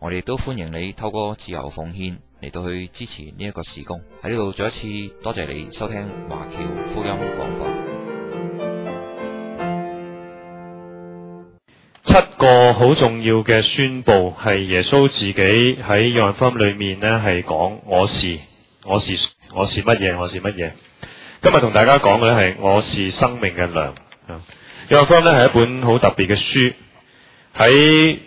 我哋都歡迎你透過自由奉獻嚟到去支持呢一個事工。喺呢度再一次多謝你收聽華僑福音廣播。七個好重要嘅宣布係耶穌自己喺《約翰福音》裏面咧，係講我是，我是，我是乜嘢，我是乜嘢。今日同大家講嘅咧，係我是生命嘅糧。《約翰福音》咧，係一本好特別嘅書喺。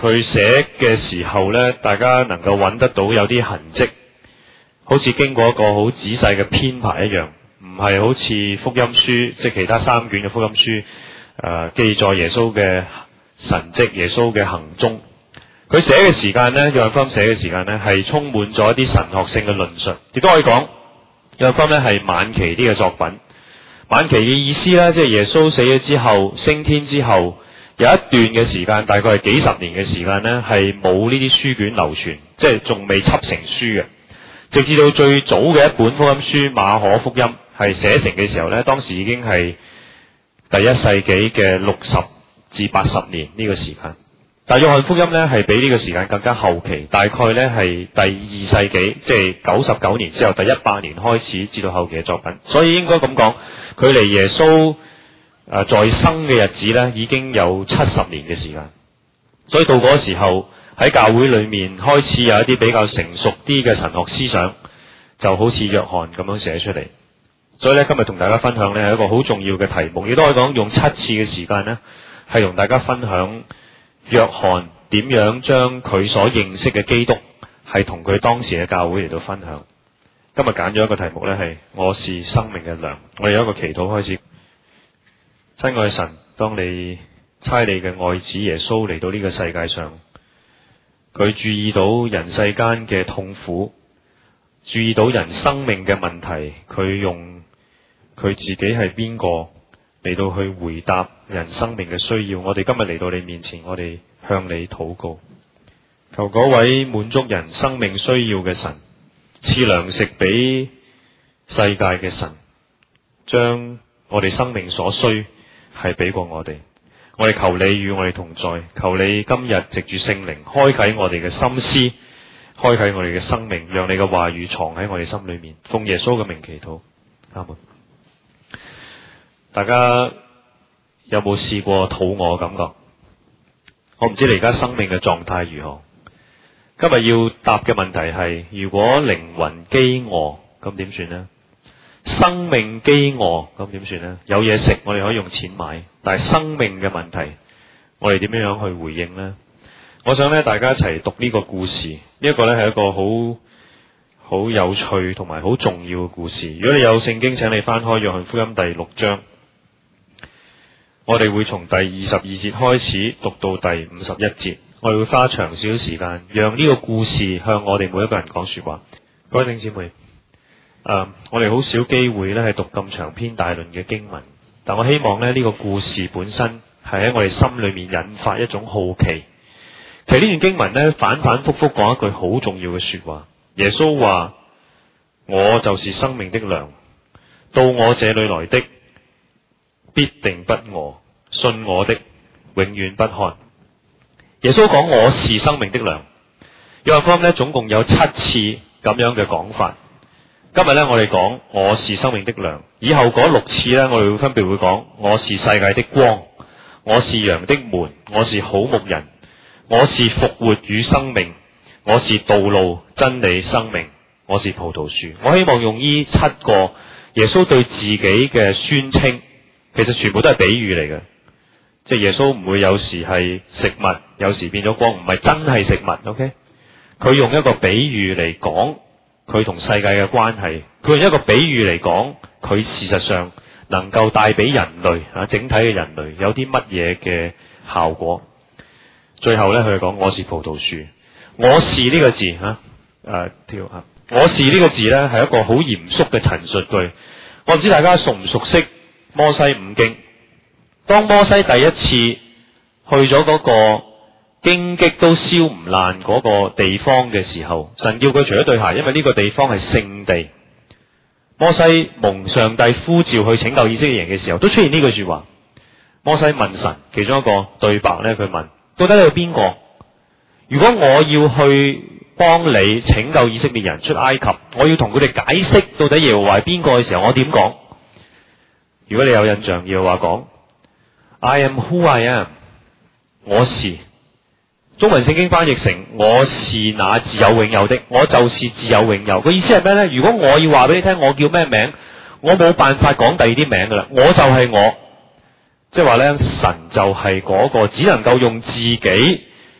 佢寫嘅時候呢，大家能夠揾得到有啲痕跡，好似經過一個好仔細嘅編排一樣，唔係好似福音書，即係其他三卷嘅福音書，誒、呃、記載耶穌嘅神蹟、耶穌嘅行蹤。佢寫嘅時間呢，約翰福音寫嘅時間呢，係充滿咗一啲神學性嘅論述。亦都可以講，約翰福音呢係晚期啲嘅作品。晚期嘅意思呢，即係耶穌死咗之後，升天之後。有一段嘅時間，大概係幾十年嘅時間呢，係冇呢啲書卷流傳，即係仲未輯成書嘅。直至到最早嘅一本福音書《馬可福音》係寫成嘅時候呢，當時已經係第一世紀嘅六十至八十年呢個時間。但《約翰福音》呢係比呢個時間更加後期，大概呢係第二世紀，即係九十九年之後，第一百年開始至到後期嘅作品。所以應該咁講，距離耶穌。誒、啊，在生嘅日子咧，已經有七十年嘅時間，所以到嗰時候喺教會裏面開始有一啲比較成熟啲嘅神學思想，就好似約翰咁樣寫出嚟。所以咧，今日同大家分享咧係一個好重要嘅題目。亦都可以講，用七次嘅時間咧，係同大家分享約翰點樣將佢所認識嘅基督係同佢當時嘅教會嚟到分享。今日揀咗一個題目咧係我是生命嘅糧，我有一個祈禱開始。親愛神，當你差你嘅愛子耶穌嚟到呢個世界上，佢注意到人世間嘅痛苦，注意到人生命嘅問題，佢用佢自己係邊個嚟到去回答人生命嘅需要。我哋今日嚟到你面前，我哋向你禱告，求嗰位滿足人生命需要嘅神，賜糧食俾世界嘅神，將我哋生命所需。係俾過我哋，我哋求你與我哋同在，求你今日藉住聖靈開啟我哋嘅心思，開啟我哋嘅生命，讓你嘅話語藏喺我哋心裏面，奉耶穌嘅名祈禱，阿門。大家有冇試過肚餓感覺？我唔知你而家生命嘅狀態如何。今日要答嘅問題係：如果靈魂飢餓，咁點算呢？生命飢餓咁點算咧？有嘢食我哋可以用錢買，但係生命嘅問題，我哋點樣樣去回應呢？我想咧大家一齊讀呢個故事，呢一個咧係一個好好有趣同埋好重要嘅故事。如果你有聖經，請你翻開約翰福音第六章，我哋會從第二十二節開始讀到第五十一節，我哋會花長少少時間，讓呢個故事向我哋每一個人講說話。各位弟兄姊妹。誒，um, 我哋好少機會咧係讀咁長篇大論嘅經文，但我希望咧呢，這個故事本身係喺我哋心裏面引發一種好奇。其實呢段經文咧反反复覆講一句好重要嘅說話，耶穌話：我就是生命的糧，到我這裏來的必定不餓，信我的永遠不渴。」耶穌講我是生命的糧，約翰呢，總共有七次咁樣嘅講法。今日咧，我哋講我是生命的糧。以後嗰六次呢，我哋會分別會講，我是世界的光，我是羊的門，我是好牧人，我是復活與生命，我是道路、真理、生命，我是葡萄樹。我希望用呢七個耶穌對自己嘅宣稱，其實全部都係比喻嚟嘅，即耶穌唔會有時係食物，有時變咗光，唔係真係食物。OK，佢用一個比喻嚟講。佢同世界嘅關係，佢用一個比喻嚟講，佢事實上能夠帶俾人類嚇整體嘅人類有啲乜嘢嘅效果？最後咧，佢講我是葡萄樹。我是呢個字吓誒、啊啊、跳嚇。我是呢個字咧係一個好嚴肅嘅陳述句。我唔知大家熟唔熟悉摩西五經，當摩西第一次去咗嗰個。荊棘都燒唔爛嗰個地方嘅時候，神叫佢除咗對鞋，因為呢個地方係聖地。摩西蒙上帝呼召去拯救以色列人嘅時候，都出現呢句說話。摩西問神其中一個對白咧，佢問：到底你係邊個？如果我要去幫你拯救以色列人出埃及，我要同佢哋解釋到底耶和華係邊個嘅時候，我點講？如果你有印象，耶和華講：I am who I am。我是。中文聖經翻譯成：我是那自有永有的，我就是自有永有。個意思係咩咧？如果我要話俾你聽，我叫咩名？我冇辦法講第二啲名㗎啦。我就係我，即係話咧，神就係嗰個只能夠用自己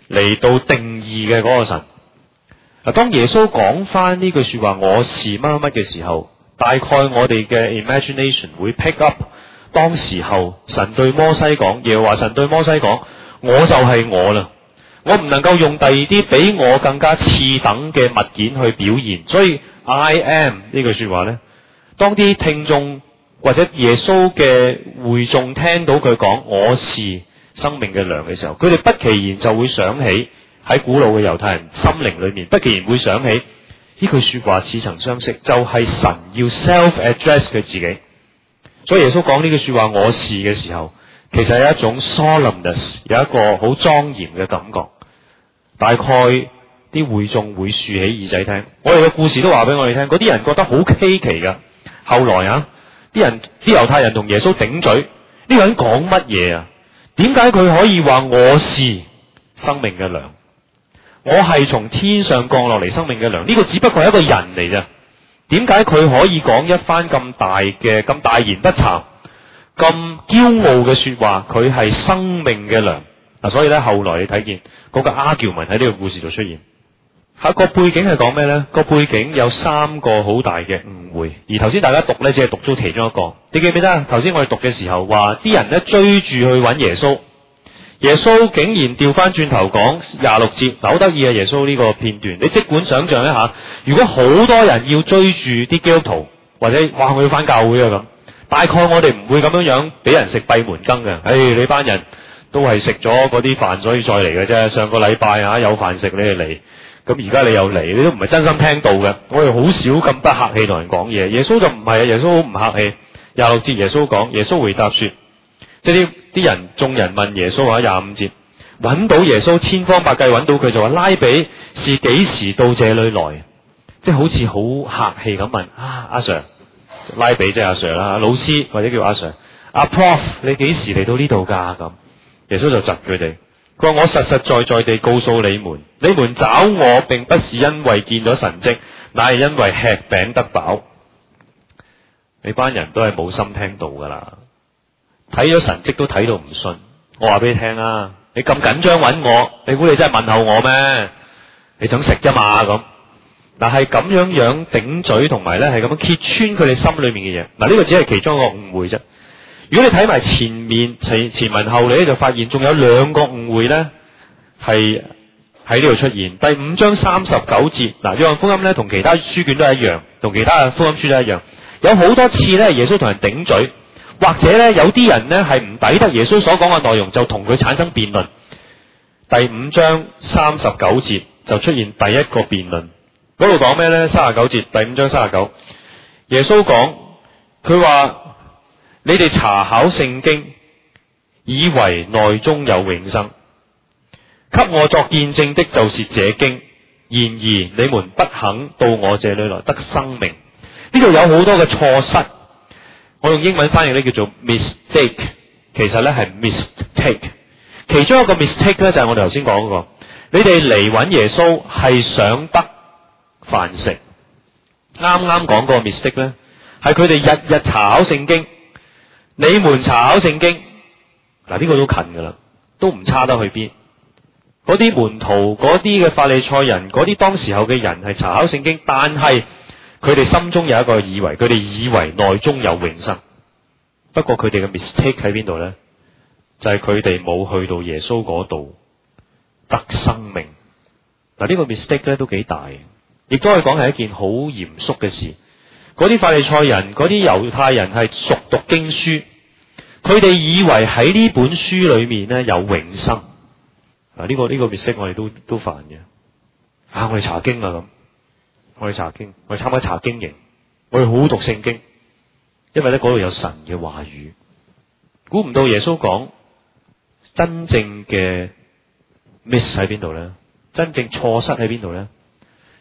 嚟到定義嘅嗰個神。當耶穌講翻呢句說話，我是乜乜嘅時候，大概我哋嘅 imagination 會 pick up。當時候，神對摩西講，耶穌話，神對摩西講，我就係我啦。我唔能夠用第二啲比我更加次等嘅物件去表現，所以 I am 呢句說話咧，當啲聽眾或者耶穌嘅會眾聽到佢講我是生命嘅糧嘅時候，佢哋不期然就會想起喺古老嘅猶太人心靈裏面，不期然會想起呢句說話似曾相識，就係神要 self address 佢自己。所以耶穌講呢句說話我是嘅時候，其實有一種 solemnness，有一個好莊嚴嘅感覺。大概啲會眾會豎起耳仔聽，我哋嘅故事都話俾我哋聽。嗰啲人覺得好稀奇噶。後來啊，啲人啲猶太人同耶穌頂嘴，呢、這個人講乜嘢啊？點解佢可以話我是生命嘅糧？我係從天上降落嚟生命嘅糧。呢、這個只不過係一個人嚟啫。點解佢可以講一番咁大嘅咁大言不慚、咁驕傲嘅說話？佢係生命嘅糧。嗱、啊，所以咧，後來你睇見。嗰個阿喬文喺呢個故事度出現，吓個背景係講咩呢？個背景有三個好大嘅誤會，而頭先大家讀呢，只係讀咗其中一個。你記唔記得啊？頭先我哋讀嘅時候話，啲人呢追住去揾耶穌，耶穌竟然調翻轉頭講廿六節，嗱好得意啊！耶穌呢個片段，你即管想像一下，如果好多人要追住啲基督徒，或者話我要翻教會啊咁，大概我哋唔會咁樣樣俾人食閉門羹嘅。唉，你班人。都係食咗嗰啲飯，所以再嚟嘅啫。上個禮拜啊有飯食你就嚟，咁而家你又嚟，你都唔係真心聽到嘅。我哋好少咁不客氣同人講嘢。耶穌就唔係啊，耶穌好唔客氣。廿六節耶穌講，耶穌回答說，即係啲啲人，眾人問耶穌話廿五節，揾到耶穌千方百計揾到佢就話，拉比是幾時到這裡來？即係好似好客氣咁問啊阿、啊、Sir，拉比即係阿 Sir 啦、啊，老師或者叫阿 Sir，阿、啊、Prof 你幾時嚟到呢度噶咁？耶穌就窒佢哋，佢話我實實在在地告訴你們，你們找我並不是因為見咗神蹟，乃係因為吃餅得飽。你班人都係冇心聽到噶啦，睇咗神蹟都睇到唔信。我話俾你聽啊，你咁緊張揾我，你估你真係問候我咩？你想食啫嘛咁。嗱，係咁樣樣頂嘴，同埋咧係咁樣揭穿佢哋心裏面嘅嘢。嗱，呢個只係其中一個誤會啫。如果你睇埋前面前前文後理咧，就發現仲有兩個誤會咧，係喺呢度出現。第五章三十九節，嗱，呢個福音咧同其他書卷都係一樣，同其他福音書都一樣。有好多次咧，耶穌同人頂嘴，或者咧有啲人咧係唔抵得耶穌所講嘅內容，就同佢產生辯論。第五章三十九節就出現第一個辯論。嗰度講咩咧？三十九節，第五章三十九。耶穌講，佢話。你哋查考聖經，以為內中有永生，給我作見證的，就是這經。然而你們不肯到我這裏來得生命。呢度有好多嘅錯失，我用英文翻譯咧叫做 mistake，其實咧係 mistake。其中一個 mistake 咧就係、是、我哋頭先講個，你哋嚟揾耶穌係想得飯食。啱啱講個 mistake 咧，係佢哋日日查考聖經。你們查考聖經，嗱、這、呢個都近噶啦，都唔差得去邊。嗰啲門徒，嗰啲嘅法利賽人，嗰啲當時候嘅人係查考聖經，但係佢哋心中有一個以為，佢哋以為內中有永生。不過佢哋嘅 mistake 喺邊度咧？就係佢哋冇去到耶穌嗰度得生命。嗱、這、呢個 mistake 咧都幾大，亦都可以講係一件好嚴肅嘅事。嗰啲法利賽人，嗰啲猶太人係熟讀經書，佢哋以為喺呢本書裏面咧有永生。啊、呢個，呢、呢個呢個 miss 我哋都都煩嘅。啊，我哋查經啊咁，我哋查經，我哋參加查經營，我哋好，好讀聖經，因為咧嗰度有神嘅話語，估唔到耶穌講真正嘅 miss 喺邊度咧？真正錯失喺邊度咧？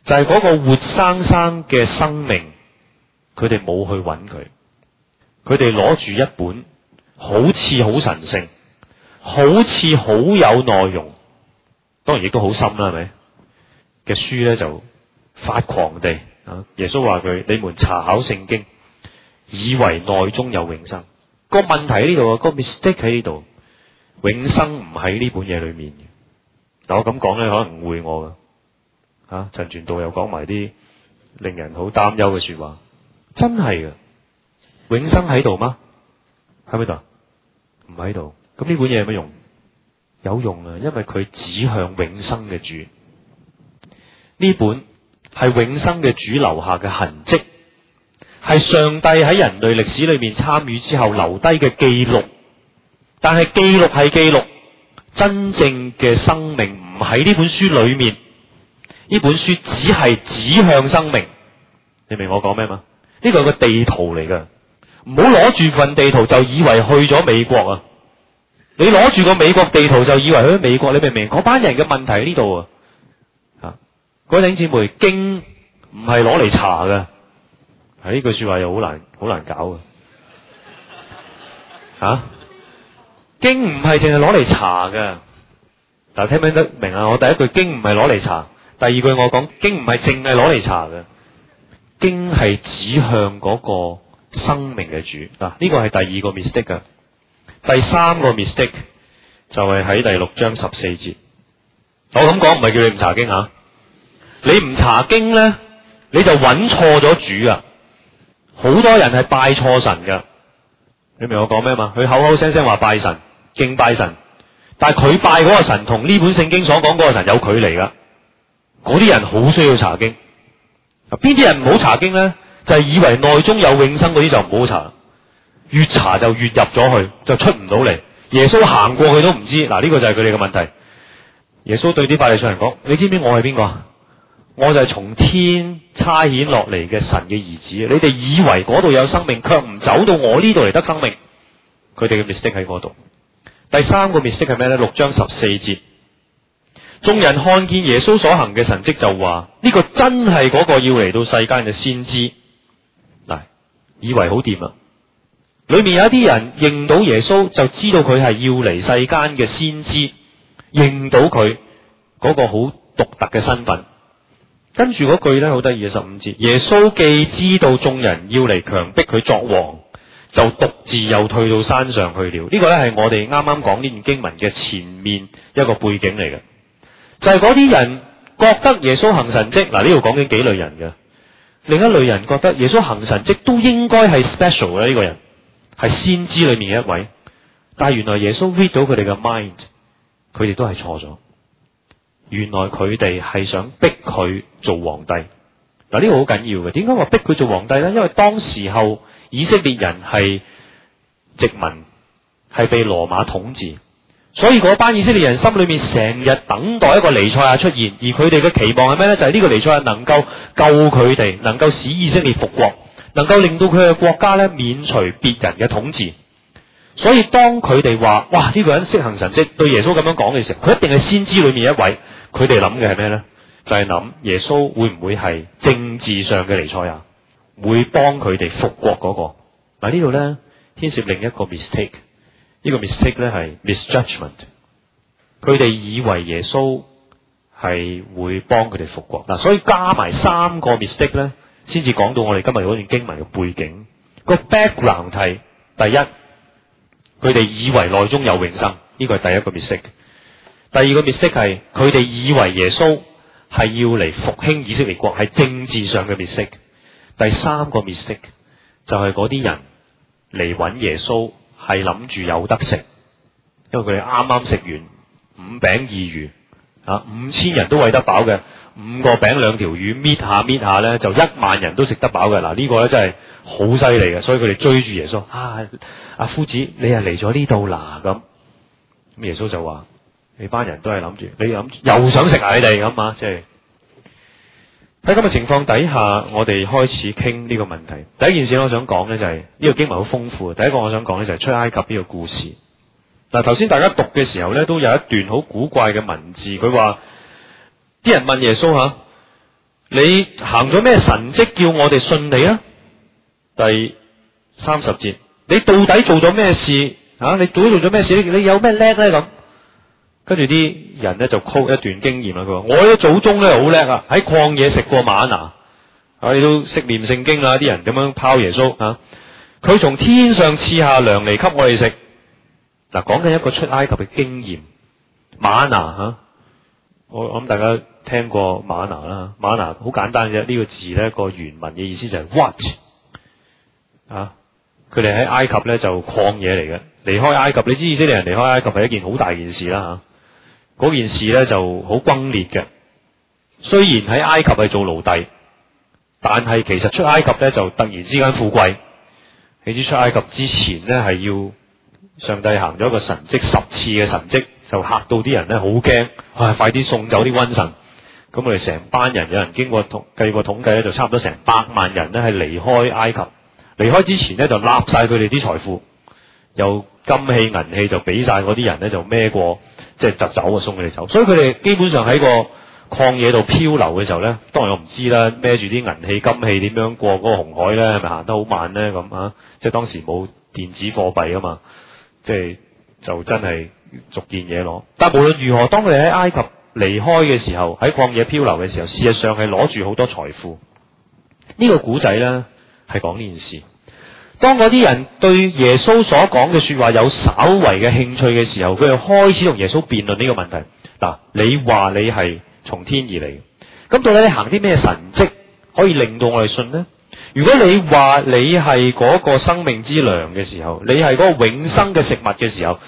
就係、是、嗰個活生生嘅生命。佢哋冇去揾佢，佢哋攞住一本好似好神聖、好似好有內容，當然亦都好深啦，係咪嘅書咧就發狂地啊？耶穌話佢：你們查考聖經，以為內中有永生，個問題喺呢度啊，個 mistake 喺呢度，永生唔喺呢本嘢裏面嘅，但我咁講咧，可能誤會我噶吓陳傳道又講埋啲令人好擔憂嘅說話。真係嘅，永生喺度嗎？喺咪度？唔喺度。咁呢本嘢有咩用？有用啊，因為佢指向永生嘅主。呢本係永生嘅主留下嘅痕迹，係上帝喺人類歷史裏面參與之後留低嘅記錄。但係記錄係記錄，真正嘅生命唔喺呢本書裏面。呢本書只係指向生命。你明我講咩嗎？呢個係個地圖嚟噶，唔好攞住份地圖就以為去咗美國啊！你攞住個美國地圖就以為去咗美國，你明唔明？嗰班人嘅問題喺呢度啊！啊，各位姐妹經唔係攞嚟查噶，係呢、啊、句說話又好難好難搞噶吓，經唔係淨係攞嚟查噶。但係聽唔聽得明啊？我第一句經唔係攞嚟查，第二句我講經唔係淨係攞嚟查噶。經係指向嗰個生命嘅主嗱，呢個係第二個 mistake 啊。第三個 mistake 就係喺第六章十四節。我咁講唔係叫你唔查經吓，啊，你唔查經咧，你就揾錯咗主啊！好多人係拜錯神噶，你明我講咩嘛？佢口口聲聲話拜神敬拜神，但係佢拜嗰個神同呢本聖經所講嗰個神有距離噶，嗰啲人好需要查經。邊啲人唔好查經咧？就係、是、以為內中有永生啲就唔好查，越查就越入咗去，就出唔到嚟。耶穌行過去都唔知，嗱呢、這個就係佢哋嘅問題。耶穌對啲法利賽人講：你知唔知我係邊個啊？我就係從天差遣落嚟嘅神嘅兒子。你哋以為嗰度有生命，卻唔走到我呢度嚟得生命。佢哋嘅 mistake 喺嗰度。第三個 mistake 係咩咧？六章十四節。眾人看見耶穌所行嘅神蹟，就話：呢個真係嗰個要嚟到世間嘅先知，嗱，以為好掂啦。裏面有一啲人認到耶穌，就知道佢係要嚟世間嘅先知，認到佢嗰個好獨特嘅身份。跟住嗰句咧，好得意嘅十五節：「耶穌既知道眾人要嚟強迫佢作王，就獨自又退到山上去了。」這個、呢個咧，係我哋啱啱講呢段經文嘅前面一個背景嚟嘅。就係嗰啲人覺得耶穌行神跡，嗱，呢度講緊幾類人嘅。另一類人覺得耶穌行神跡都應該係 special 嘅。呢個人，係先知裏面嘅一位。但係原來耶穌 read 到佢哋嘅 mind，佢哋都係錯咗。原來佢哋係想逼佢做皇帝。嗱，呢個好緊要嘅。點解話逼佢做皇帝咧？因為當時候以色列人係殖民，係被羅馬統治。所以嗰班以色列人心裏面成日等待一個彌賽亞出現，而佢哋嘅期望係咩呢？就係、是、呢個彌賽亞能夠救佢哋，能夠使以色列復國，能夠令到佢嘅國家咧免除別人嘅統治。所以當佢哋話，哇，呢、這個人施行神蹟，對耶穌咁樣講嘅時候，佢一定係先知裏面一位。佢哋諗嘅係咩呢？就係、是、諗耶穌會唔會係政治上嘅彌賽亞，會幫佢哋復國嗰、那個？嗱，呢度呢，牽涉另一個 mistake。呢個 mistake 咧係 misjudgement，佢哋以為耶穌係會幫佢哋復國嗱，所以加埋三個 mistake 咧，先至講到我哋今日嗰段經文嘅背景。個 background 係第一，佢哋以為內中有永生，呢個係第一個 mistake。第二個 mistake 係佢哋以為耶穌係要嚟復興以色列國，係政治上嘅 mistake。第三個 mistake 就係嗰啲人嚟揾耶穌。係諗住有得食，因為佢哋啱啱食完五餅二魚，啊五千人都喂得飽嘅，五個餅兩條魚搣下搣下咧，就一萬人都食得飽嘅。嗱、啊、呢、呢個咧真係好犀利嘅，所以佢哋追住耶穌啊，阿、啊、夫子你啊嚟咗呢度啦咁。咁、啊、耶穌就話：你班人都係諗住，你諗住又想食啊你哋咁啊，即、就、係、是。喺咁嘅情況底下，我哋開始傾呢個問題。第一件事我想講咧、就係，就係呢個經文好豐富。第一個我想講咧，就係出埃及呢個故事。嗱、啊，頭先大家讀嘅時候呢，都有一段好古怪嘅文字。佢話：啲人問耶穌嚇、啊，你行咗咩神蹟，叫我哋信你啊？第三十節，你到底做咗咩事啊？你到底做咗咩事？你有咩叻呢？」噉？跟住啲人咧就 quote 一段經驗啦，佢話：我啲祖宗咧好叻啊，喺曠野食過瑪娜。啊你都識念聖經啦，啲人咁樣拋耶穌嚇。佢、啊、從天上賜下糧嚟給我哋食。嗱、啊，講緊一個出埃及嘅經驗，瑪娜。嚇、啊。我諗大家聽過瑪娜啦，瑪娜好簡單嘅，呢、這個字咧個原文嘅意思就係 what 嚇、啊。佢哋喺埃及咧就曠野嚟嘅，離開埃及你知意思，人離開埃及係一件好大件事啦嚇。啊嗰件事咧就好轟烈嘅，雖然喺埃及係做奴隸，但係其實出埃及咧就突然之間富貴。你知出埃及之前咧係要上帝行咗一個神蹟十次嘅神蹟，就嚇到啲人咧好驚，啊快啲送走啲瘟神。咁我哋成班人有人經過統計過統計咧，就差唔多成百萬人咧係離開埃及。離開之前咧就揦晒佢哋啲財富，有金器銀器就俾晒嗰啲人咧就孭過。即係就走啊，送佢哋走。所以佢哋基本上喺個曠野度漂流嘅時候呢，當然我唔知啦，孭住啲銀器金器點樣過嗰個紅海呢？係咪行得好慢呢？咁啊？即係當時冇電子貨幣啊嘛，即係就真係逐件嘢攞。但係無論如何，當佢哋喺埃及離開嘅時候，喺曠野漂流嘅時候，事實上係攞住好多財富。呢個古仔呢，係講呢件事。當嗰啲人對耶穌所講嘅說話有稍為嘅興趣嘅時候，佢就開始同耶穌辯論呢個問題。嗱，你話你係從天而嚟，咁到底你行啲咩神蹟可以令到我哋信呢？如果你話你係嗰個生命之糧嘅時候，你係嗰個永生嘅食物嘅時候，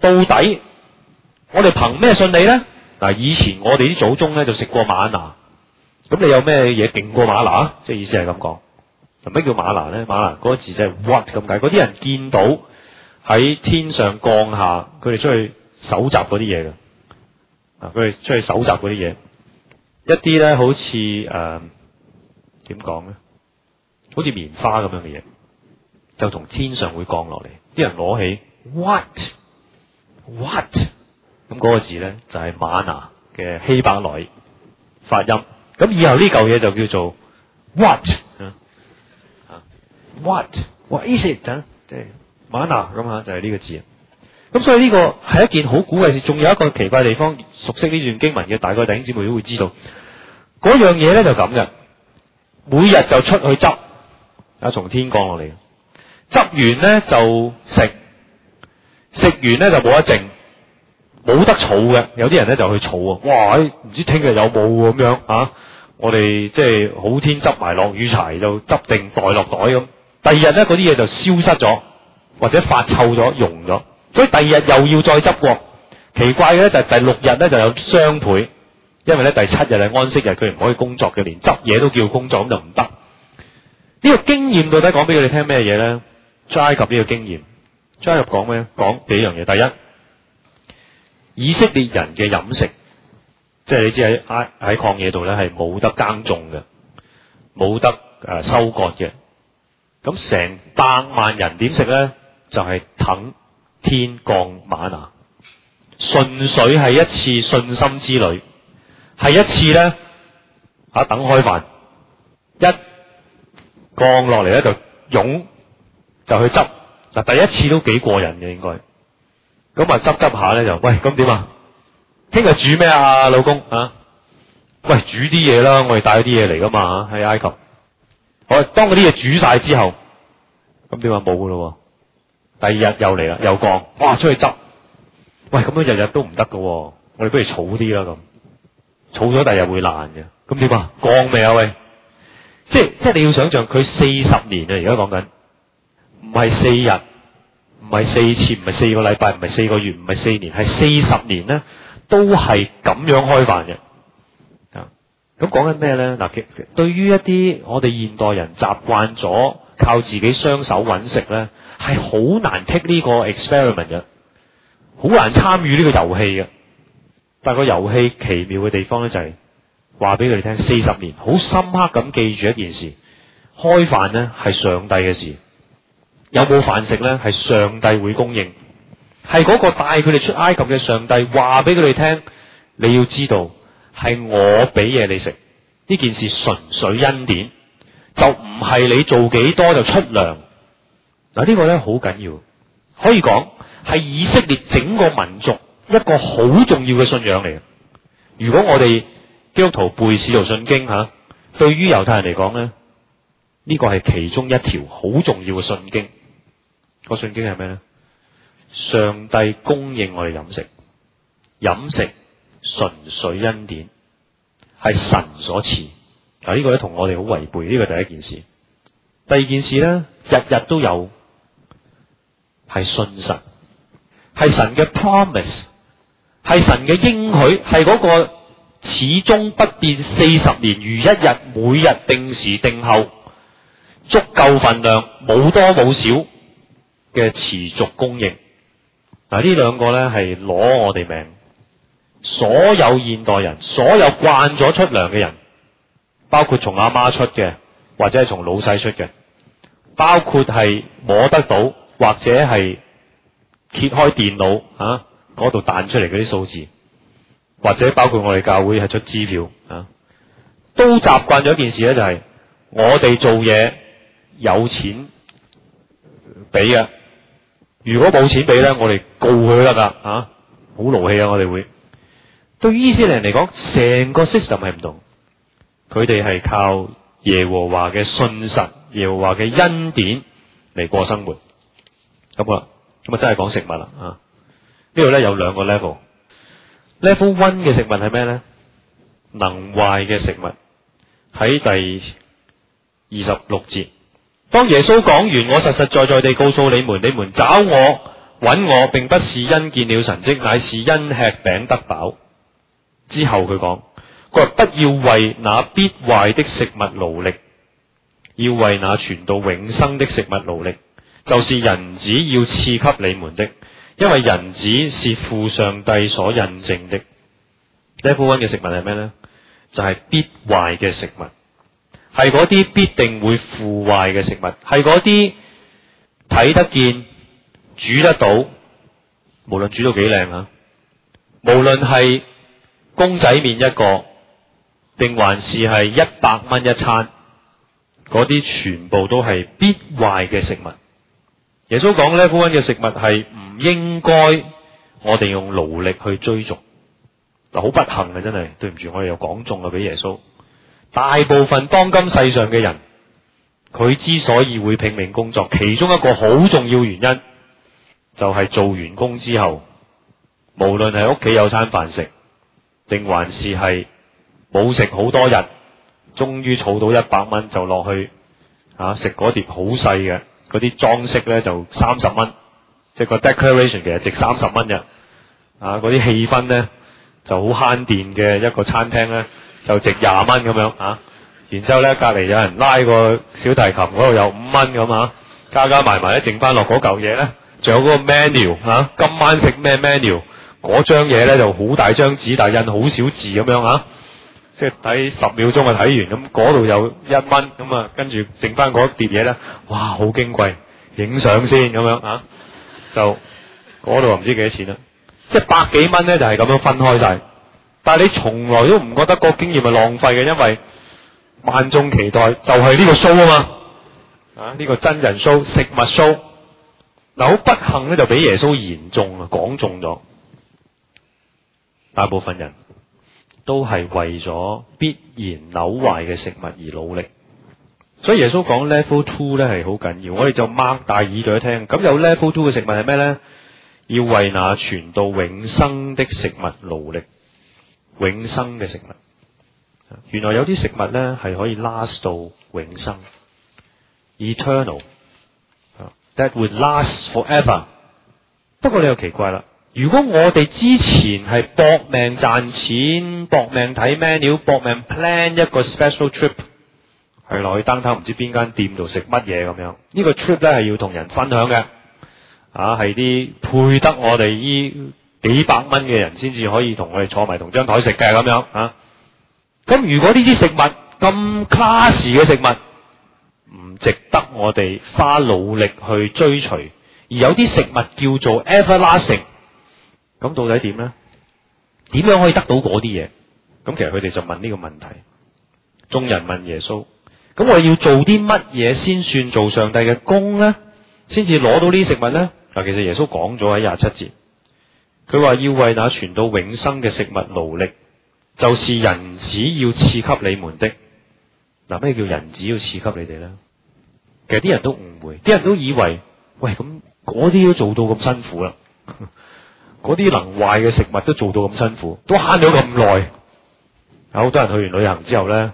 到底我哋憑咩信你呢？嗱，以前我哋啲祖宗呢，就食過瑪拿，咁你有咩嘢勁過瑪拿？即係意思係咁講。乜叫馬拿咧？馬拿嗰個字就係 what 咁解。嗰啲人見到喺天上降下，佢哋出去搜集嗰啲嘢嘅。啊，佢哋出去搜集嗰啲嘢，一啲咧好似誒，點講咧？好似、呃、棉花咁樣嘅嘢，就同天上會降落嚟。啲人攞起 what，what，咁 what，嗰個字咧就係馬拿嘅希伯來發音。咁以後呢嚿嘢就叫做 what。What? What is it? 等即係 manna 咁啊，就係呢個字。咁所以呢個係一件好古怪事。仲有一個奇怪地方，熟悉呢段經文嘅大概弟兄姊妹都會知道。嗰樣嘢咧就咁嘅，每日就出去執啊，從天降落嚟。執完咧就食，食完咧就冇得剩，冇得儲嘅。有啲人咧就去儲啊，哇！唔知聽日有冇咁樣啊？我哋即係好天執埋落雨柴，就執定袋落袋咁。第二日咧，嗰啲嘢就消失咗，或者發臭咗、溶咗，所以第二日又要再執過。奇怪嘅咧就係第六日咧就有雙倍，因為咧第七日係安息日，佢唔可以工作嘅，連執嘢都叫工作，咁就唔得。呢、這個經驗到底講俾佢哋聽咩嘢咧？Jai 及呢個經驗，Jai 及講咩咧？講幾樣嘢。第一，以色列人嘅飲食，即係你知喺喺曠野度咧係冇得耕種嘅，冇得誒收割嘅。咁成百萬人點食咧？就係、是、等天降嗎哪，純粹係一次信心之旅，係一次咧嚇、啊、等開飯，一降落嚟咧就湧就去執嗱，第一次都幾過癮嘅應該。咁啊執執下咧就喂咁點啊？聽日煮咩啊，老公啊？喂，煮啲嘢啦，我哋帶咗啲嘢嚟噶嘛喺埃及。我當嗰啲嘢煮晒之後，咁點話冇噶咯？第二日又嚟啦，又降，哇！出去執，喂，咁樣日日都唔得噶，我哋不如儲啲啦咁，儲咗第二日會爛嘅，咁點啊？降未啊？喂，即係即係你要想象佢四十年啊！而家講緊，唔係四日，唔係四次，唔係四個禮拜，唔係四個月，唔係四年，係四十年咧，都係咁樣開飯嘅。咁講緊咩咧？嗱，對於一啲我哋現代人習慣咗靠自己雙手揾食咧，係好難 take 呢個 experiment 嘅，好難參與呢個遊戲嘅。但係個遊戲奇妙嘅地方咧，就是，就係話俾佢哋聽，四十年好深刻咁記住一件事：開飯咧係上帝嘅事，有冇飯食咧係上帝會供應，係嗰個帶佢哋出埃及嘅上帝話俾佢哋聽，你要知道。係我俾嘢你食，呢件事純粹恩典，就唔係你做幾多就出糧。嗱，呢個咧好緊要，可以講係以色列整個民族一個好重要嘅信仰嚟。如果我哋基督徒背使徒信經吓，啊，對於猶太人嚟講咧，呢，這個係其中一條好重要嘅信經。個信經係咩咧？上帝供應我哋飲食，飲食。純粹恩典係神所賜，啊，呢個咧同我哋好違背。呢個第一件事，第二件事咧，日日都有係信神，係神嘅 promise，係神嘅應許，係個始終不變，四十年如一日，每日定時定候足夠份量，冇多冇少嘅持續供應。嗱、啊、呢兩個咧係攞我哋命。所有現代人，所有慣咗出糧嘅人，包括從阿媽出嘅，或者係從老細出嘅，包括係摸得到或者係揭開電腦啊嗰度彈出嚟嗰啲數字，或者包括我哋教會係出支票啊，都習慣咗一件事咧、就係，就係我哋做嘢有錢俾嘅，如果冇錢俾咧，我哋告佢得啦啊，好勞氣啊，我哋會。對於以色列人嚟講，成個 system 係唔同，佢哋係靠耶和華嘅信實、耶和華嘅恩典嚟過生活。咁啊，咁啊，真係講食物啦啊！呢度咧有兩個 level。level one 嘅食物係咩咧？能壞嘅食物喺第二十六節。當耶穌講完，我實實在在地告訴你們，你們找我、搵我，並不是因見了神蹟，乃是因吃餅得飽。之後佢講：佢話不要為那必壞的食物勞力，要為那存到永生的食物勞力，就是人子要賜給你們的，因為人子是父上帝所印證的。level one 嘅食物係咩呢？就係、是、必壞嘅食物，係嗰啲必定會腐壞嘅食物，係嗰啲睇得見煮得到，無論煮到幾靚啊，無論係。公仔麵一個，定還是係一百蚊一餐？嗰啲全部都係必壞嘅食物。耶穌講咧，嗰樣嘅食物係唔應該我哋用勞力去追逐。嗱，好不幸啊，真係，對唔住，我哋又講中啦，俾耶穌。大部分當今世上嘅人，佢之所以會拼命工作，其中一個好重要原因，就係做完工之後，無論係屋企有餐飯食。定還是係冇食好多日，終於儲到一百蚊就落去啊食，嗰碟好細嘅嗰啲裝飾咧就三十蚊，即係個 decoration 其實值三十蚊嘅，啊嗰啲氣氛咧就好慳電嘅一個餐廳咧就值廿蚊咁樣啊，然之後咧隔離有人拉個小提琴嗰度有五蚊咁啊，加加埋埋一剩翻落嗰嚿嘢咧，仲有嗰個 menu 嚇、啊、今晚食咩 menu？嗰張嘢咧就好大張紙，但係印好少字咁樣啊，即係睇十秒鐘啊睇完，咁嗰度有一蚊，咁啊跟住剩翻嗰疊嘢咧，哇好矜貴，影相先咁樣啊，就嗰度又唔知幾多錢啊，即係百幾蚊咧就係咁樣分開晒，但係你從來都唔覺得個經驗係浪費嘅，因為萬眾期待就係呢個 show 啊嘛，啊呢個真人 show、食物 show，嗱好不幸咧就俾耶穌言中啦，講中咗。大部分人都係為咗必然朽壞嘅食物而努力，所以耶穌講 level two 咧，係好緊要，我哋就擘大耳朵一聽，咁有 level two 嘅食物係咩咧？要為那存到永生的食物努力，永生嘅食物。原來有啲食物咧係可以 last 到永生，eternal，that would last forever。不過你又奇怪啦。如果我哋之前係搏命賺錢，搏命睇 menu，搏命 plan 一個 special trip，係落去擔頭唔知邊間店度食乜嘢咁樣，這個、呢個 trip 咧係要同人分享嘅，啊係啲配得我哋呢幾百蚊嘅人先至可以我同我哋坐埋同張台食嘅咁樣啊。咁如果呢啲食物咁 class 嘅食物唔值得我哋花努力去追隨，而有啲食物叫做 everlasting。咁到底點咧？點樣可以得到嗰啲嘢？咁其實佢哋就問呢個問題。眾人問耶穌：，咁我要做啲乜嘢先算做上帝嘅工咧？先至攞到呢食物咧？嗱，其實耶穌講咗喺廿七節，佢話要為那存到永生嘅食物勞力，就是人子要賜給你們的。嗱，咩叫人子要賜給你哋咧？其實啲人都誤會，啲人都以為：，喂，咁嗰啲都做到咁辛苦啦。 嗰啲能壞嘅食物都做到咁辛苦，都慳咗咁耐。有好多人去完旅行之後咧，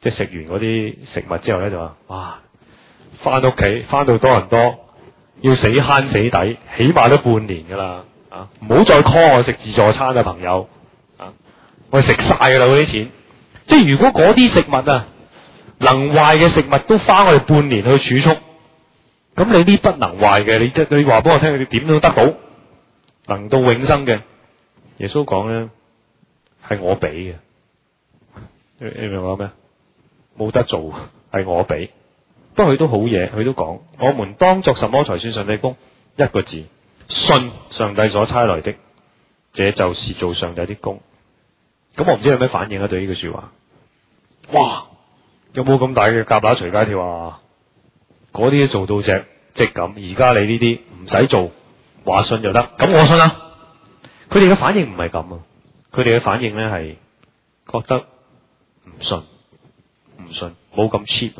即係食完嗰啲食物之後咧就話：，哇！翻屋企翻到多倫多，要死慳死抵，起碼都半年噶啦。啊，唔好再 call 我食自助餐嘅、啊、朋友。啊，我哋食晒噶啦嗰啲錢。即係如果嗰啲食物啊，能壞嘅食物都花我哋半年去儲蓄，咁你啲不能壞嘅，你即係你話畀我聽，你點都得到？行到永生嘅，耶穌講咧係我俾嘅，你你明我咩？冇得做，係我俾。不過佢都好嘢，佢都講：我們當作什麼才算上帝工？一個字，信上帝所差來的，這就是做上帝的工。咁我唔知有咩反應啊？對呢句說話，哇！有冇咁大嘅蛤乸隨街跳啊？啲做到隻積咁，而家你呢啲唔使做。話信就得，咁我信啦，啊。佢哋嘅反應唔係咁啊，佢哋嘅反應咧係覺得唔信，唔信，冇咁 cheap。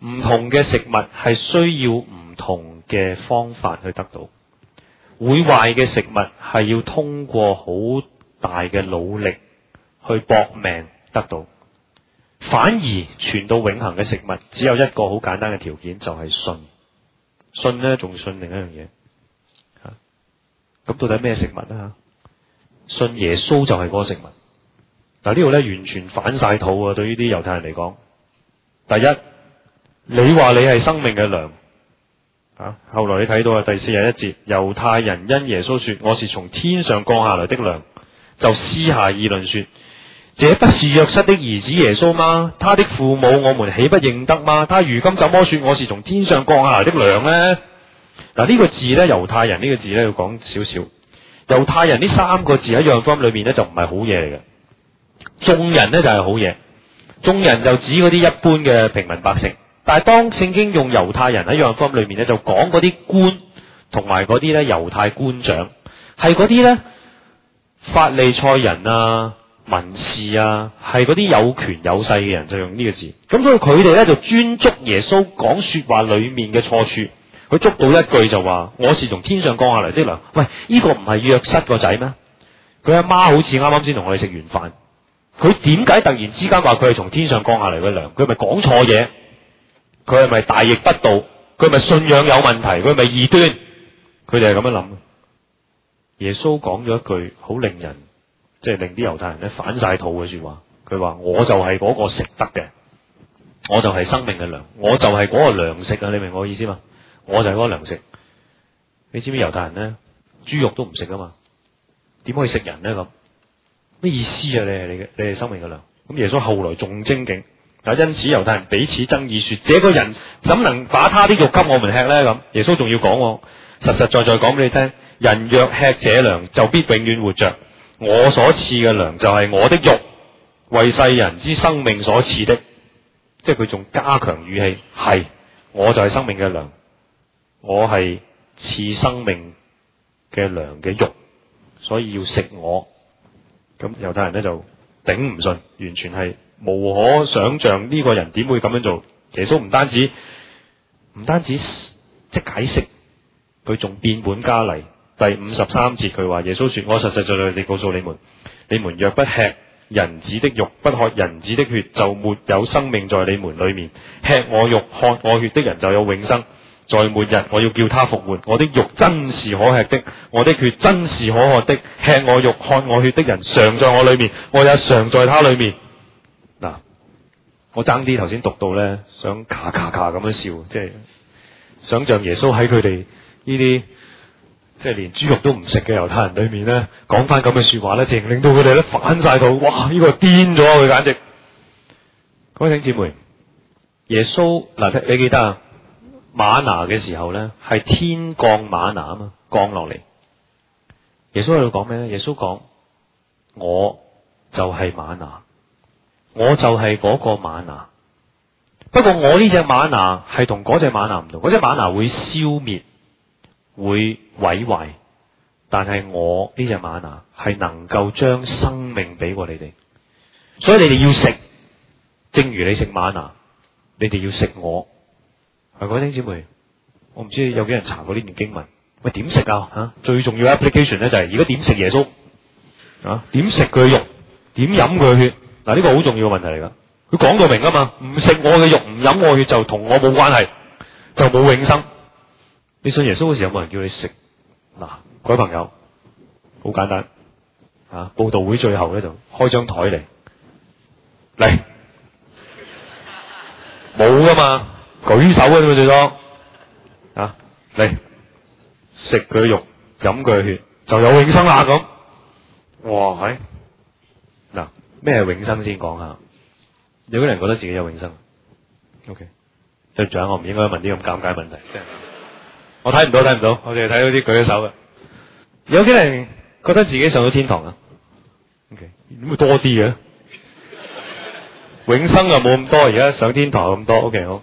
唔同嘅食物係需要唔同嘅方法去得到，會壞嘅食物係要通過好大嘅努力去搏命得到，反而傳到永恆嘅食物只有一個好簡單嘅條件，就係、是、信。信咧仲信另一樣嘢。咁到底咩食物啊？信耶穌就係嗰個食物。嗱呢度呢完全反晒肚啊！對呢啲猶太人嚟講，第一，你話你係生命嘅糧啊！後來你睇到啊，第四十一節，猶太人因耶穌說我是從天上降下來的糧，就私下議論說：這不是約瑟的兒子耶穌嗎？他的父母我們豈不認得嗎？他如今怎麼說我是從天上降下來的糧呢？嗱呢個字咧，猶太人呢個字咧，要講少少。猶太人呢三個字喺《約翰福音》裏面咧，就唔係好嘢嚟嘅。眾人咧就係好嘢，眾人就指嗰啲一般嘅平民百姓。但係當聖經用猶太人喺《約翰福音》裏面咧，就講嗰啲官同埋嗰啲咧猶太官長，係嗰啲咧法利賽人啊、文士啊，係嗰啲有權有勢嘅人就用呢個字。咁所以佢哋咧就專捉耶穌講說話裏面嘅錯處。佢捉到一句就話，我是從天上降下嚟的糧，喂，呢個唔係約瑟個仔咩？佢阿媽好似啱啱先同我哋食完飯，佢點解突然之間話佢係從天上降下嚟嘅糧？佢係咪講錯嘢？佢係咪大逆不道？佢係咪信仰有問題？佢係咪異端？佢哋係咁樣諗。耶穌講咗一句好令人，即係令啲猶太人咧反晒肚嘅說話。佢話我就係嗰個食得嘅，我就係生命嘅糧，我就係嗰個糧食嘅。你明我意思嗎？我就係嗰個糧食，你知唔知猶太人咧，豬肉都唔食噶嘛？點可以食人咧？咁咩意思啊？你係你嘅，你係生命嘅糧。咁耶穌後來仲精警，嗱，因此猶太人彼此爭議說：這個人怎能把他啲肉給我們吃咧？咁耶穌仲要講，我實實在在講俾你聽：人若吃這糧，就必永遠活着。我所賜嘅糧就係我的肉，為世人之生命所賜的。即係佢仲加強語氣，係，我就係生命嘅糧。我係賜生命嘅糧嘅肉，所以要食我。咁猶太人咧就頂唔順，完全係無可想象呢個人點會咁樣做。耶穌唔單止唔單止即係解釋，佢仲變本加厲。第五十三節佢話：耶穌說我實實在在地告訴你們，你們若不吃人子的肉，不喝人子的血，就沒有生命在你們裡面。吃我肉、喝我血的人，就有永生。在末日，我要叫他復活。我的肉真是可吃的，我的血真是可喝的。吃我肉、看我血的人，常在我裏面，我也常在他裏面。嗱，我爭啲頭先讀到咧，想咔咔咔咁樣笑，即係想象耶穌喺佢哋呢啲即係連豬肉都唔食嘅猶太人裏面咧，講翻咁嘅說話咧，淨令到佢哋咧反晒到，哇！呢個癲咗佢簡直。各位弟兄姊妹，耶穌嗱，你記得啊？瑪拿嘅時候咧，係天降瑪拿啊嘛，降落嚟。耶穌喺度講咩咧？耶穌講：我就係瑪拿，我就係個瑪拿。不過我呢隻瑪拿係同隻瑪拿唔同，隻瑪拿會消滅、會毀壞，但係我呢隻瑪拿係能夠將生命俾過你哋，所以你哋要食，正如你食瑪拿，你哋要食我。各位兄姊妹，我唔知有幾人查過呢段經文。喂，點食啊？吓、啊，最重要 application 咧就係，如果點食耶穌？啊，點食佢肉，點飲佢血？嗱、啊，呢個好重要嘅問題嚟噶。佢講到明啊嘛，唔食我嘅肉，唔飲我血就我，就同我冇關係，就冇永生。你信耶穌嗰時，有冇人叫你食？嗱、啊，各位朋友，好簡單，吓、啊，布道會最後咧就開張台嚟，嚟，冇噶嘛。舉手嘅啫，最多啊嚟食佢肉，飲佢血，就有永生啦咁。哇，係嗱咩係永生先講下？有啲人覺得自己有永生，O K。對唔住，我唔應該問啲咁尷尬問題。 我睇唔到，睇唔到， 我淨係睇到啲舉咗手嘅。有啲人覺得自己上咗天堂啦。O K，點會多啲嘅？ 永生又冇咁多，而家上天堂咁多，O K，好。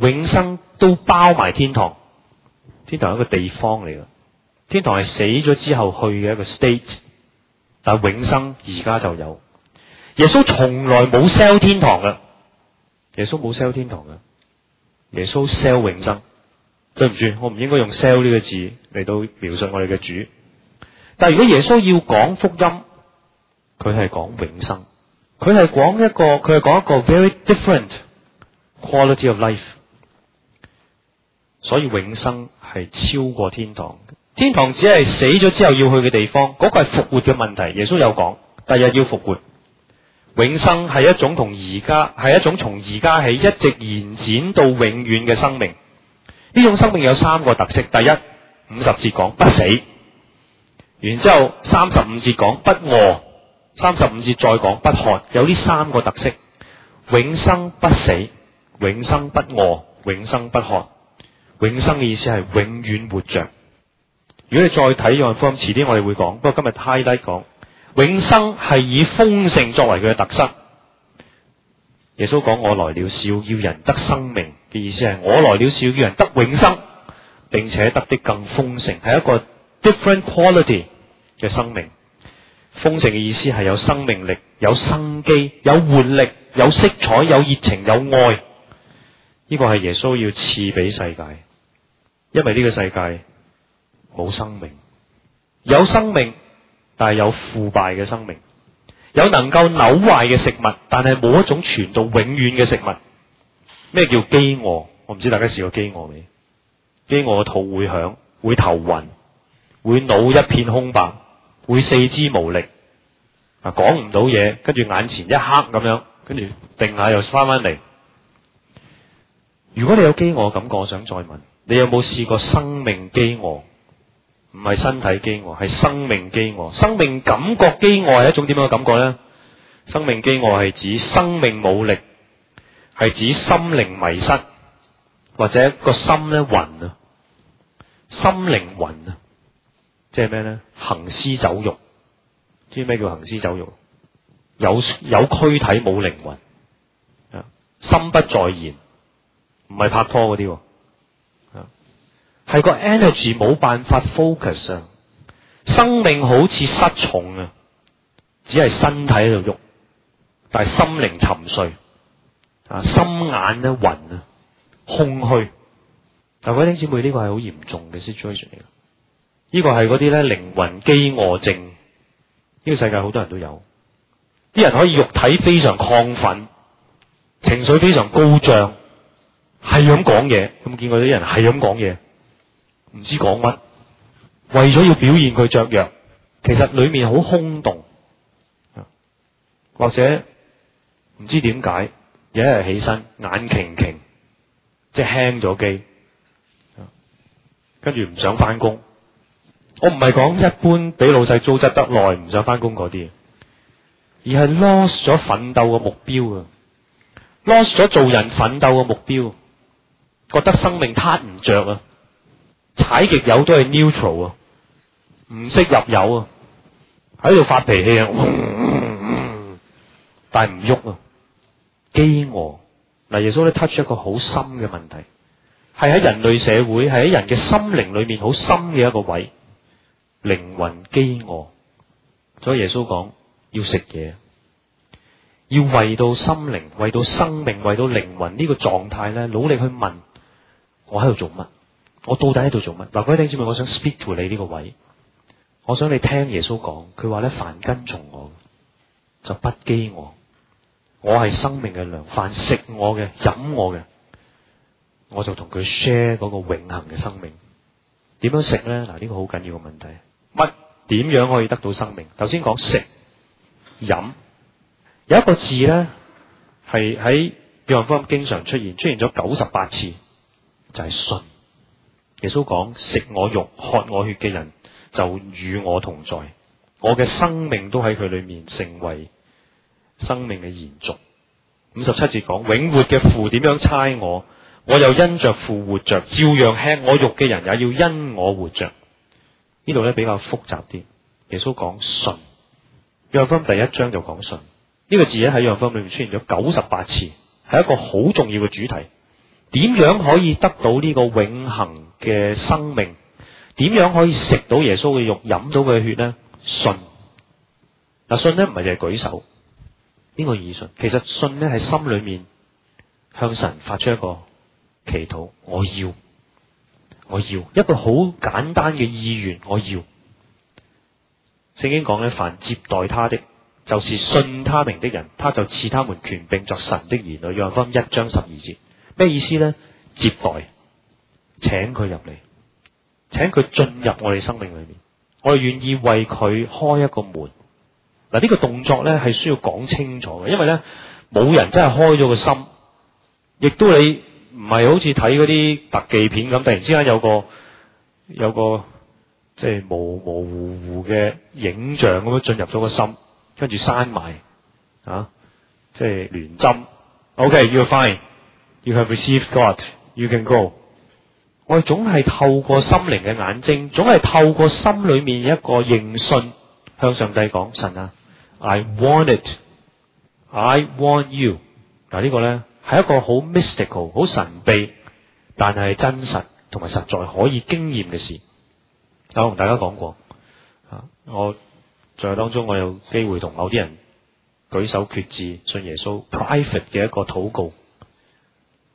永生都包埋天堂，天堂係一個地方嚟嘅，天堂係死咗之後去嘅一個 state，但係永生而家就有。耶穌從來冇 sell 天堂嘅，耶穌冇 sell 天堂嘅，耶穌 sell 永生。對唔住，我唔應該用 sell 呢個字嚟到描述我哋嘅主。但係如果耶穌要講福音，佢係講永生，佢係講一個佢係講一個 very different quality of life。所以永生係超過天堂，天堂只係死咗之後要去嘅地方。嗰、那個係復活嘅問題。耶穌有講，第日要復活。永生係一種同而家係一種從而家起一直延展到永遠嘅生命。呢種生命有三個特色：第一五十節講不死，然之後三十五節講不餓，三十五節再講不渴。有呢三個特色：永生不死，永生不餓，永生不渴。永生嘅意思係永遠活着。如果你再睇約翰福音，遲啲我哋會講。不過今日 highlight 講，永生係以豐盛作為佢嘅特色。耶穌講，我來了，是要人得生命嘅意思係我來了，是要人得永生，並且得啲更豐盛，係一個 different quality 嘅生命。豐盛嘅意思係有生命力、有生機、有活力、有色彩、有熱情、有愛。呢個係耶穌要賜俾世界。因為呢個世界冇生命，有生命，但係有腐敗嘅生命，有能夠扭壞嘅食物，但係冇一種傳到永遠嘅食物。咩叫飢餓？我唔知大家試過飢餓未？飢餓嘅肚會響，會頭暈，會腦一片空白，會四肢無力，啊，講唔到嘢，跟住眼前一黑咁樣，跟住定下又翻翻嚟。如果你有飢餓感覺，我想再問。你有冇試過生命饑餓？唔係身體饑餓，係生命饑餓。生命感覺饑餓係一種點樣嘅感覺咧？生命饑餓係指生命冇力，係指心靈迷失，或者個心咧暈啊，心靈暈啊，即係咩咧？行屍走肉，知咩叫行屍走肉？有有軀體冇靈魂，啊，心不在焉，唔係拍拖嗰啲。係個 energy 冇辦法 focus 啊！生命好似失重啊，只係身體喺度喐，但係心靈沉睡啊，心眼咧暈啊，空虛。但、啊、各位弟兄姊妹，嚴重呢個係好嚴重嘅 situation 嚟嘅，呢個係嗰啲咧靈魂飢餓症。呢、這個世界好多人都有，啲人可以肉體非常亢奮，情緒非常高漲，係咁講嘢。咁冇見過啲人係咁講嘢？唔知講乜，為咗要表現佢著樣，其實裏面好空洞，或者唔知點解，有一日起身眼擎擎，即係輕咗機，跟住唔想翻工。我唔係講一般俾老細糟質得耐唔想翻工嗰啲，而係 lost 咗奮鬥個目標啊，lost 咗做人奮鬥個目標，覺得生命撻唔着啊。踩極油都係 neutral 啊，唔識入油啊，喺度發脾氣啊，但係唔喐啊，饑餓。嗱，耶穌咧 touch 一個好深嘅問題，係喺人類社會，係喺人嘅心靈裏面好深嘅一個位，靈魂饑餓。所以耶穌講要食嘢，要餵到心靈，餵到生命，餵到靈魂呢個狀態咧，努力去問，我喺度做乜？我到底喺度做乜？嗱，各位弟兄姊妹，我想 speak to 你呢個位，我想你聽耶穌講，佢話咧，凡跟從我，就不饑餓。我係生命嘅糧，凡食我嘅、飲我嘅，我就同佢 share 個永恆嘅生命。點樣食咧？嗱，呢個好緊要嘅問題，乜點麼樣可以得到生命？頭先講食、飲，有一個字咧係喺約翰福音經常出現，出現咗九十八次，就係、是、信。耶穌講：食我肉、喝我血嘅人就與我同在，我嘅生命都喺佢裏面，成為生命嘅延續。五十七節講：永活嘅父點樣猜我？我又因着父活着，照樣吃我肉嘅人也要因我活着。呢度咧比較複雜啲。耶穌講信，約翰第一章就講信呢個字喺約翰裏面出現咗九十八次，係一個好重要嘅主題。點樣可以得到呢個永恒？嘅生命點樣可以食到耶穌嘅肉、飲到佢血咧？信嗱，信咧唔係淨係舉手，邊個意思？信其實信咧係心裏面向神發出一個祈禱，我要，我要一個好簡單嘅意願，我要。聖經講咧，凡接待他的，就是信他名的人，他就賜他們權柄作神的兒女。約翰福音一章十二節，咩意思咧？接待。請佢入嚟，請佢進入我哋生命裏面，我哋願意為佢開一個門。嗱，呢個動作咧係需要講清楚嘅，因為咧冇人真係開咗個心，亦都你唔係好似睇嗰啲特技片咁，突然之間有個有個即係模模糊糊嘅影像咁樣進入咗個心，跟住閂埋啊，即係連針。OK，you fine，you have received God，you can go。我總係透過心靈嘅眼睛，總係透過心裏面一個認信，向上帝講：神啊，I want it，I want you。嗱，呢個呢係一個好 mystical、好神秘，但係真實同埋實在可以經驗嘅事。有同大家講過，我聚會當中我有機會同某啲人舉手決志信耶穌 private 嘅一個禱告，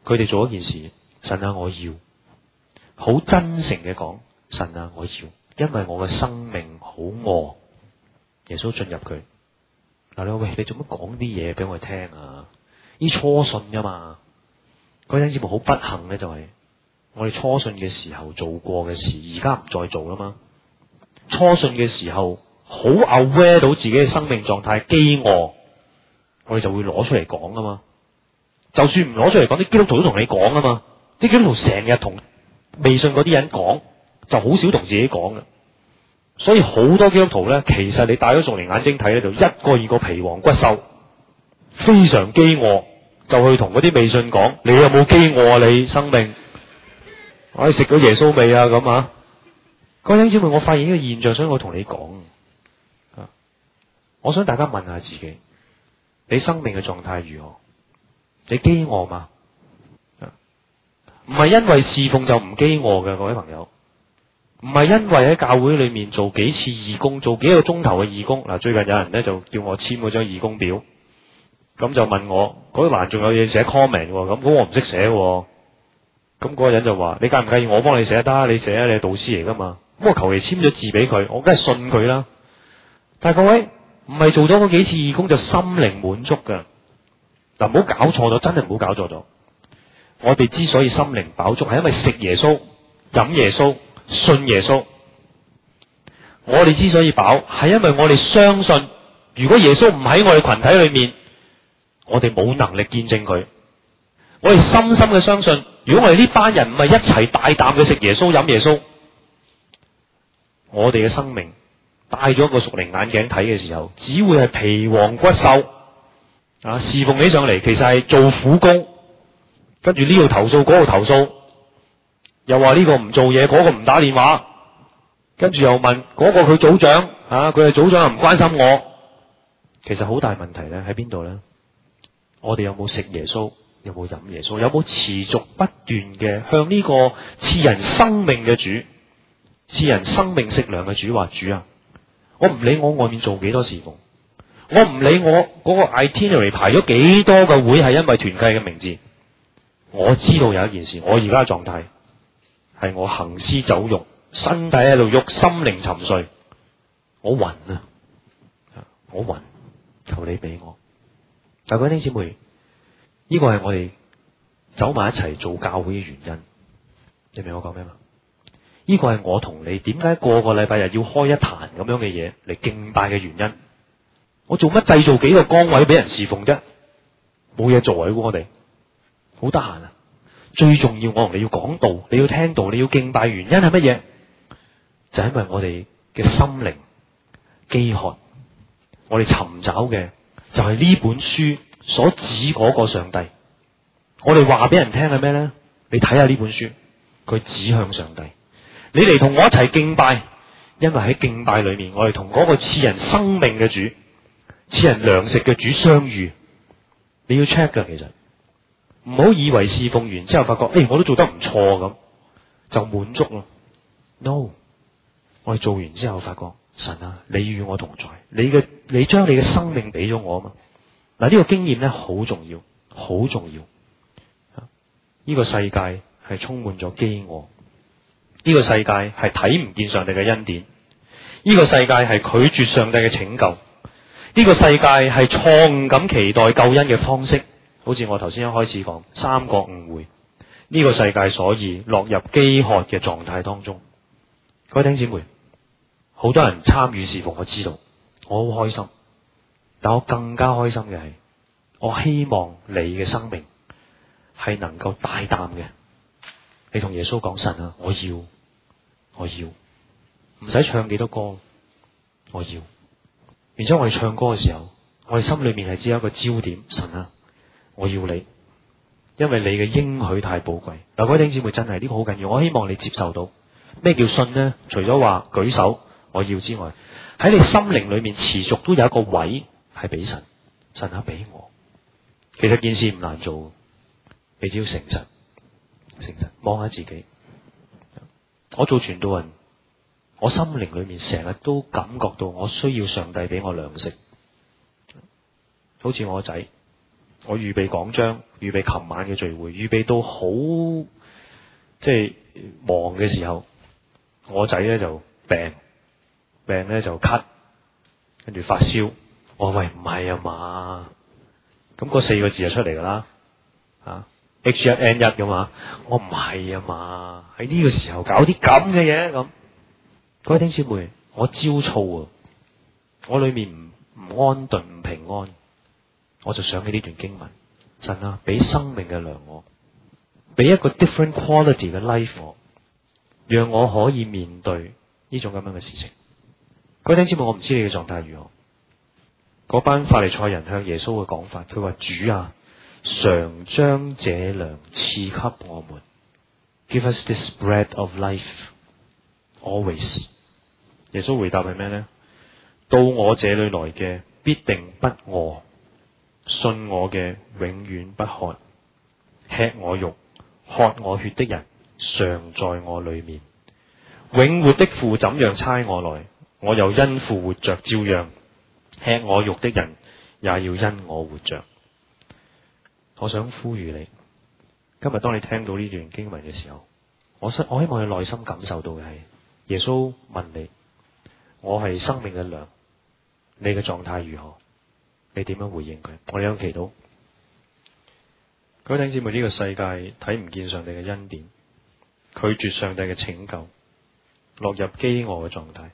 佢哋做一件事：神啊，我要。好真誠嘅講，神啊，我要，因為我嘅生命好餓，耶穌進入佢。嗱你喂，你做乜講啲嘢俾我聽啊？呢初信噶嘛，嗰陣節目好不幸咧，就是，就係我哋初信嘅時候做過嘅事，而家唔再做啦嘛。初信嘅時候好 aware 到自己嘅生命狀態饑餓，我哋就會攞出嚟講噶嘛。就算唔攞出嚟講，啲基督徒都同你講啊嘛，啲基督徒成日同。微信啲人講就好少同自己講嘅，所以好多基督徒咧，其實你戴咗送靈眼睛睇咧，就一個二個皮黃骨瘦，非常飢餓，就去同啲微信講：你有冇飢餓啊？你生命，我哋食咗耶穌未啊？咁啊！各位兄姊妹，我發現呢個現象，所以我同你講啊！我想大家問下自己：你生命嘅狀態如何？你飢餓嘛。唔係因為侍奉就唔飢餓嘅，各位朋友。唔係因為喺教會裏面做幾次義工，做幾個鐘頭嘅義工。嗱、啊，最近有人咧就叫我簽嗰張義工表，咁、嗯、就問我嗰欄仲有嘢寫 comment，咁咁我唔識寫，咁、嗯、嗰、那個人就話：你介唔介意我幫你寫得、啊？你寫啊，你係導師嚟噶嘛？咁我求其簽咗字俾佢，我梗係信佢啦。但係各位唔係做咗嗰幾次義工就心靈滿足嘅嗱，唔好搞錯咗，真係唔好搞錯咗。我哋之所以心靈飽足，係因為食耶穌、飲耶穌、信耶穌。我哋之所以飽，係因為我哋相信，如果耶穌唔喺我哋群體裏面，我哋冇能力見證佢。我哋深深嘅相信，如果我哋呢班人唔係一齊大膽嘅食耶穌、飲耶穌，我哋嘅生命戴咗個屬靈眼鏡睇嘅時候，只會係皮黃骨瘦啊！侍奉起上嚟，其實係做苦工。跟住呢度投訴嗰度，嗰個，投訴，又話呢個唔做嘢，嗰個唔打電話。跟住又問，嗰個佢組長啊，佢係組長又唔關心我。其實好大問題咧，喺邊度咧？我哋有冇食耶穌，有冇飲耶穌，有冇持續不斷嘅向呢個賜人生命嘅主、賜人生命食糧嘅主話主啊？我唔理我外面做幾多事務，我唔理我個 itinerary 排咗幾多嘅會，係因為團契嘅名字。我知道有一件事，我而家嘅狀態係我行屍走肉，身體喺度喐，心靈沉睡，我暈啊！我暈，求你俾我。弟兄姊妹，呢、這個係我哋走埋一齊做教會嘅原因。你明我講咩嘛？呢、這個係我同你點解個個禮拜日要開一壇咁樣嘅嘢，嚟敬拜嘅原因。我做乜製造幾個崗位俾人侍奉啫？冇嘢做嘅，我哋。好得閒啊！最重要，我同你要講道，你要聽道，你要敬拜，原因係乜嘢？就係、因為我哋嘅心靈飢渴，我哋尋找嘅就係、係、呢本書所指嗰個上帝。我哋話俾人聽係咩咧？你睇下呢本書，佢指向上帝。你嚟同我一齊敬拜，因為喺敬拜裏面，我哋同嗰個賜人生命嘅主、賜人糧食嘅主相遇。你要 check 噶，其實。唔好以為侍奉完之後發覺，誒，我都做得唔錯咁，就滿足咯。No，我哋做完之後發覺，神啊，你與我同在，你嘅你將你嘅生命俾咗我啊嘛。嗱，呢個經驗咧好重要，好重要。啊，呢個世界係充滿咗飢餓，呢個世界係睇唔見上帝嘅恩典，呢個世界係拒絕上帝嘅拯救，呢個世界係錯誤咁期待救恩嘅方式。好似我頭先一開始講三個誤會，呢個世界所以落入飢渴嘅狀態當中。各位弟兄姊妹，好多人參與事奉，我知道，我好開心。但我更加開心嘅係，我希望你嘅生命係能夠大膽嘅。你同耶穌講：神啊，我要，我要，唔使唱幾多歌，我要。然之後我哋唱歌嘅時候，我哋心裏面係只有一個焦點：神啊！我要你，因為你嘅應許太寶貴。弟兄姊妹真係呢個好緊要，我希望你接受到咩叫信呢？除咗話舉手我要之外，喺你心靈裏面持續都有一個位係俾神，神下俾我。其實件事唔難做，你只要誠實、誠實望下自己。我做傳道人，我心靈裏面成日都感覺到我需要上帝俾我糧食，好似我個仔。我預備講章，預備琴晚嘅聚會，預備到好即係忙嘅時候，我仔咧就病，病咧就咳，跟住發燒。我話喂，唔係啊嘛，咁嗰、那個、四個字就出嚟啦，啊 H1N1 咁嘛，我唔係啊嘛，喺呢個時候搞啲咁嘅嘢咁。各位丁小妹，我焦躁啊，我裏面唔唔安頓唔平安。我就想起呢段經文，神啊，俾生命嘅糧我，俾一個 different quality 嘅 life 我，讓我可以面對呢種咁樣嘅事情。各位聽者，我唔知你嘅狀態如何。嗰班法利賽人向耶穌嘅講法，佢話主啊，常將這糧賜給我們，give us this bread of life always。耶穌回答係咩呢？「到我這裏來嘅，必定不餓。信我嘅永遠不渴，吃我肉、喝我血的人常在我裏面。永活的父怎樣差我來，我又因父活着，照樣吃我肉的人也要因我活着。我想呼籲你，今日當你聽到呢段經文嘅時候，我希我希望你內心感受到嘅係耶穌問你：我係生命嘅糧，你嘅狀態如何？你點樣回應佢？我哋有祈禱，各位弟兄姊妹，呢個世界睇唔見上帝嘅恩典，拒絕上帝嘅拯救，落入飢餓嘅狀態，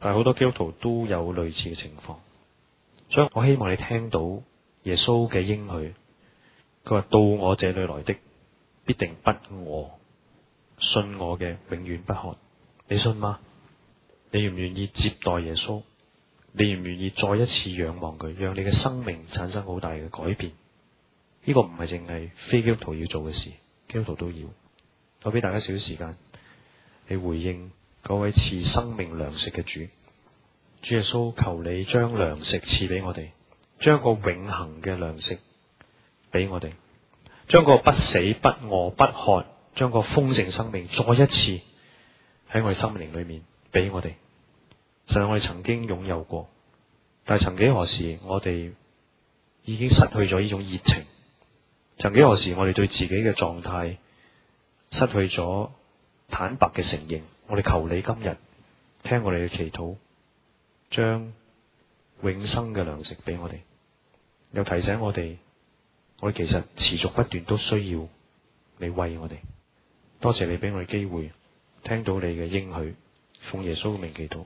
但係好多基督徒都有類似嘅情況，所以我希望你聽到耶穌嘅應許，佢話到我這裡來的，必定不餓，信我嘅永遠不渴，你信嗎？你願唔願意接待耶穌？你願唔願意再一次仰望佢，讓你嘅生命產生好大嘅改變？呢個唔係淨係非基督徒要做嘅事，基督徒都要。我俾大家少少時間，你回應嗰位賜生命糧食嘅主，主耶穌，求你將糧食賜俾我哋，將個永恆嘅糧食俾我哋，將個不死不餓不渴，將個豐盛生命再一次喺我哋心靈裏面俾我哋。神，我哋曾經擁有過，但係曾幾何時，我哋已經失去咗呢種熱情。曾幾何時，我哋對自己嘅狀態失去咗坦白嘅承認。我哋求你今日聽我哋嘅祈禱，將永生嘅糧食俾我哋，又提醒我哋，我哋其實持續不斷都需要你餵我哋。多謝你俾我哋機會聽到你嘅應許，奉耶穌名祈禱。